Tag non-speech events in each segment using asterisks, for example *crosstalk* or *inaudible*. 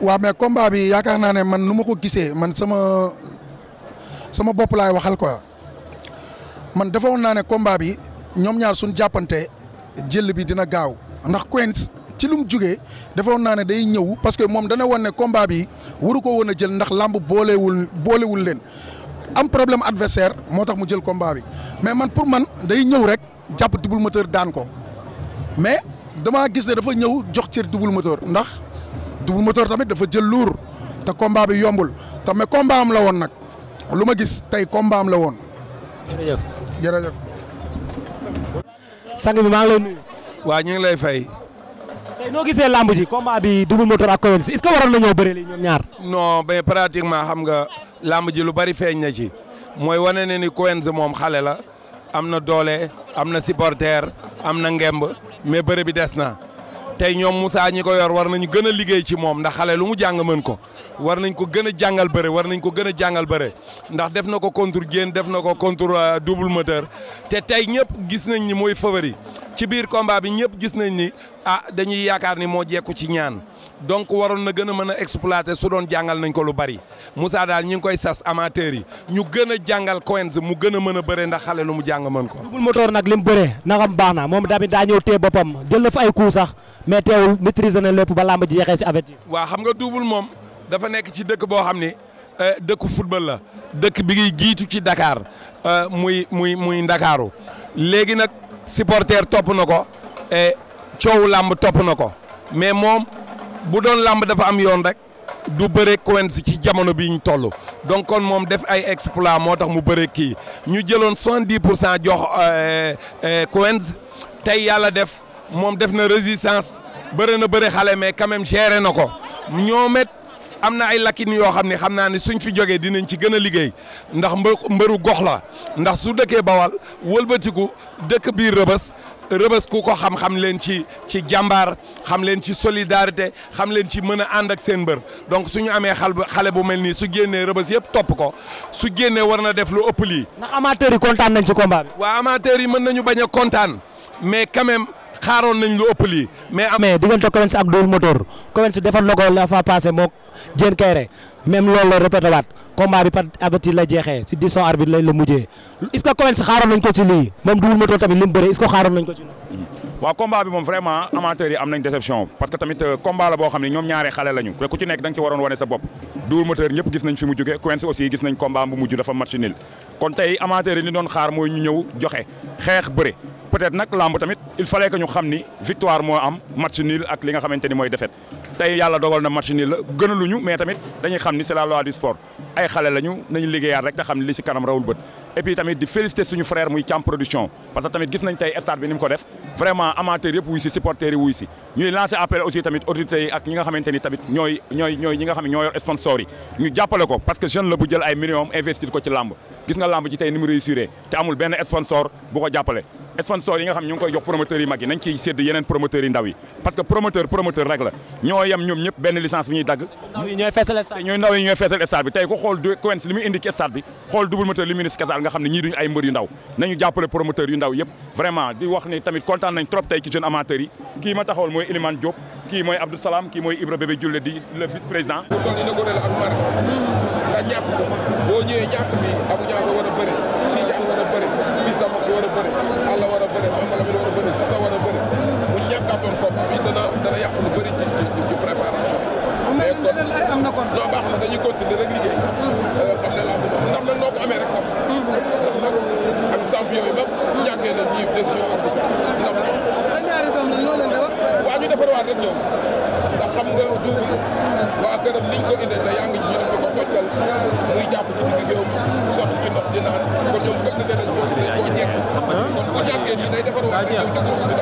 waaw mais combat bi yaakaar naa ne man nu ma ko gisee man sama sama bopp laay waxal quoi man defoon naa ne combat bi ñoom ñaar suñ jàppante jël bi dina gaaw ndax Quench ci lu mu jugee defoon naa ne day ñëw parce que moom dana woon ne combat bi waru ko woon a jël ndax làmb boolewul boolewul leen am problème adversaire moo tax mu jël combat bi mais man pour man day ñëw rek jàpp double moteur daan ko mais damaa gis ne dafa ñëw jox cër double moteur ndax. double moteur tamit dafa jël luur te combat bi yombul te mais la woon nag lu ma gis tey combat la woon. jërëjëf jërëjëf. sang bi maa ngi lay nuyu. waa ñu ngi lay fay. tey noo gisee làmb ji combat bi double moteur ak Quench est-ce que waroon na ñoo bëri li ñaar. non mais pratiquement xam nga làmb ji lu bari feeñ na ci mooy wane ne ni Quench moom xale la am na doole am na supporter am na ngemb mais bëri bi des na. tey ñoom Moussa ñi ko yor war nañu gën a liggéey ci moom ndax xale lu mu jàng mën ko war nañ ko gën a jàngal bëre war nañ ko gën a jàngal bëre ndax def na ko contre Diène def na ko contre euh, double moteur te tey ñëpp gis nañ ni mooy favori ci biir combat bi ñëpp gis nañ ni ah dañuy yaakaar ni moo jekku ci ñaan donc waroon na gën a mën a exploiter su doon jàngal nañ ko lu bari Moussa daal ñi ngi koy sas amateurs yi ñu gën a jàngal Quench mu gën a mën a bëre ndax xale lu mu jàng mën ko. double moteur nag li mu bëree naxam baax na moom tamit daa ñëw téye boppam jël na fa ay coups sax mais teewul maîtriser na lépp ba làmb ji jeexee si avet yi. waaw xam nga double moom dafa nekk ci dëkk boo xam ni euh, dëkku football la dëkk bi ngi jiitu ci dakaar euh, muy muy muy Ndakaaru léegi nag supporter topp na ko coowu làmb topp na ko bu doon làmb dafa am yoon rek du bëree Quench ci jamono bi ñu toll donc kon moom def ay exploit moo tax mu bëre kii ñu jëloon soixante-dix pour cent jox euh, euh, Quench tey yàlla def moom def na résistance bëre na bëre xale mais quand gere na ko ñoo met am na ay lakkin yoo xam ne xam naa ne suñ fi jógee dinañ ci gën a liggéey ndax mbëru gox la ndax su dëkkee bawal wëlbatiku dëkk biir rëbës rëbës ku ko xam-xam leen ci ci jàmbaar xam leen ci solidarité xam leen ci mën a ànd ak seen mbër donc suñu amee xal xale bu mel nii su génnee rëbës yëpp topp ko su génnee war na def lu ëpp lii. ndax amateurs yi kontaan nañ ci combat bi. waa amateurs yi mën nañu bañ a kontaan mais quand xaaroon nañ lu ëpp lii mais am mais diggante Quench ak Double Moteur Quench defar na ko la fa passé mook Diène Kairé même loolu la répété waat si dix xaaroon nañ ko ci lii moom Double Moteur tamit li mu bëre est-ce que xaaroon nañ ko ci hmm. waaw combat bi moom vraiment amateurs yi am nañ déception parce que tamit euh, combat la boo xam ne ñoom ñaare xale lañu ku ci nekk da nga ci waroon wane sa bopp Double Moteur ñëpp gis nañ fi mu jóge Quench aussi gis nañ xaar mooy ñu ñëw xeex bëre peut-être nag lamb tamit il fallait que xam ni victoire moo am match nul ak li nga xamante ni mooy défaite tey yàlla dogal na match nul la gënaluñu mais tamit dañuy xam ni c'est la loi du sport ay xale lañu nañu liggéeyaat rek te xam ni li ci kanam rawul bët et puis tamit di féliciter suñu frère muy Thiam production parce que tamit gis nañ tey stade bi ni mu ko def vraiment amateurs yëpp wuy ci supporters yi wuy ci ñuy lancer appel aussi tamit autorités yi ko parce que jeune la bu jël ay millions investir ko ci lamb gis nga lamb ji tey ni mu réussir te sponsor yi nga xam ñu ngi koy jox promoteurs yi mag yi nañ ciy sédd yeneen promoteurs yi ndaw yi parce que promoteur promoteur rek la ñoo ñoom ñëpp benn licence bi ñuy dagg ñooy ndaw yi bi tey ko xool Quench li muy indi bi xool double moteur li mu nga xam ne ñii ay mbër yu ndaw nañu jàppale promoteur yu ndaw yëpp vraiment di wax ni tamit kontaan nañ trop tey ci jeune yi kii ma taxawal mooy Elimane Diop kii mooy Abdou a a yi dana dana yàq lu bëri ci ci ci préparation yi. mais comme mais am na kon. non baax na dañuy continuer rek liggéey. Mm-hmm. Euh, xam ne laa bëgg ndam la noo ko amee rek ndam. Mm-hmm. ndax nag ak champion yi nag. ñàkkee na ñii décision arbitrale ndam la. sa ñaari doom la loo leen di wax. waa ñu defarwaat rek ñoom ndax xam nga duubu mm-hmm. waa këram niñ ko indi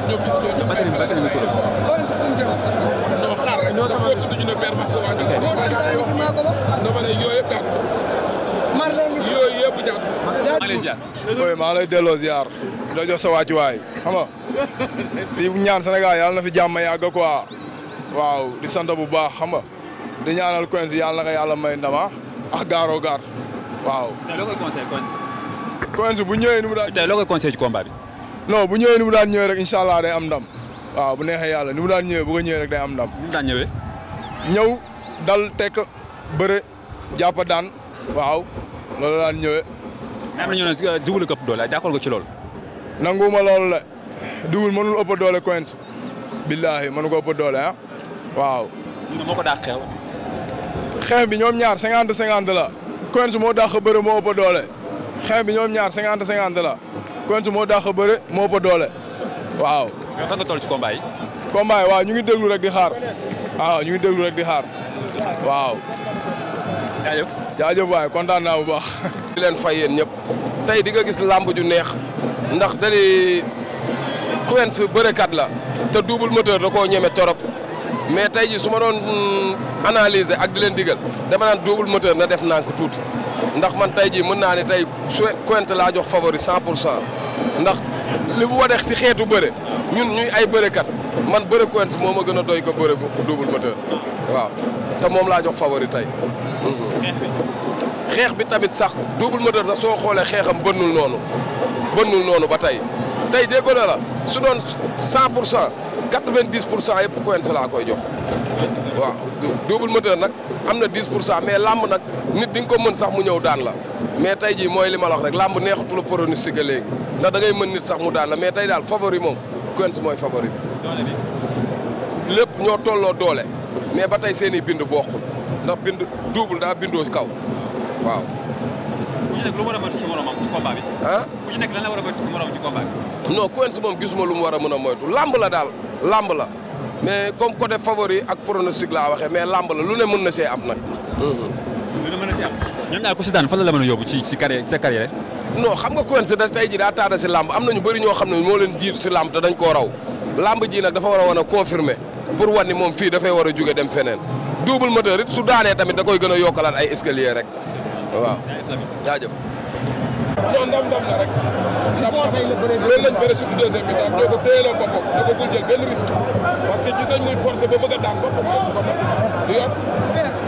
ñoom ñoo ñoo. ba tey ba tey yooyu yëpp daal. yooyu yëpp daal. oui maa ngi lay delloo ziar. di la jox sa waa ci waay xam di ñaan Sénégal yàlla na fi jàmm yàgg quoi. waaw di sant bu baax xam nga. di ñaanal Quench na ko yàlla ndama ah. ak gaaroo waaw. tey loo koy conseillé Quench. bu ñëwee ni mu non bu ñëwee ni mu daan ñëwee rek incha allah day am ndam waaw bu neexee yàlla ni mu daan ñëwee bu ko ñëwee rek day am ndam. ni mu daan ñëwee. ñëw dal tekk bëre jàpp daan waaw loolu daan ñëwee. am na euh, doole d'accord nga ci loolu. nanguwuma loolu la Double mënul doole Quench. billaahi mënu ko ëpp doole ah waaw. ñu ne bi ñoom ñaar cinquante cinquante la. Quench moo dàq bëre moo ëpp doole. xeex bi ñoom ñaar cinquante cinquante la. Quench moo dàq bëre moo ëpp doole waaw. yow fan ci combat yi. combat yi ñu ngi déglu rek di xaar waaw ñu ngi déglu rek di xaar waaw. jaajëf jaajëf waay kontaan naa bu baax. *laughs* di leen ñëpp tey di nga gis làmb ju neex ndax dañuy Quench bërekat la te double moteur da koo ñeme torop mais tey ji su ma doon mm, analyser ak di leen digal dama naan double moteur na def nànk tuuti. ndax man tey jii mën naa ne tey Quench laa jox favori 100 pour cent ndax li mu waneex si xeetu bëre ñun ñuy ay bërekat man bëre Quench moo ma gën a doy ko bëre bu double moteur waaw te moom laa jox favori tey. xeex bi tamit sax double moteur sax soo xoolee xeexam bënnul noonu bënnul noonu ba tey tey déggoo na la su doon 100 pour cent 90 pour cent yëpp Quench laa koy jox. waaw double moteur nag am na 10 pour cent mais làmb nag nit di nga ko mën sax mu ñëw daan la mais tey jii mooy li ma la wax rek làmb neexatul a pronostic léegi ndax da ngay mën nit sax mu daan la mais tey daal favori moom Quench mooy favori bi ñoo tolloo doole mais ba tey seen i bind bokkul ndax bind double daa bindoo ci kaw waaw. ku ci nekk lu war a moom gisuma lu mu war a mën a moytu làmb la daal làmb la. mais comme côté favori ak pronostic laa waxee mais làmb la lu ne mën na see am nag. Mhm. lu ne mën na see am ñoom ñaar ku si daan fan la la mën a yóbbu ci ci carrière sa carrière. non xam nga Quench da tey ji daa taada si làmb am na ñu bëri ñoo xam ne moo leen jiitu si làmb te dañ koo raw làmb jii nag dafa war a wan a confirmer pour wan ni moom fii dafay war a jóge dem feneen double moteur it su daanee tamit da koy gën a yokkalaat ay escalier rek waaw jaajëf non ndam ndam la rek. loolu lañ bëri surtout deuxième mi-temps ñoo ko téyeloon boppam da ko bul jël benn risque parce que gis muy forcé ba bëgg a daan boppam du ko def du yoon.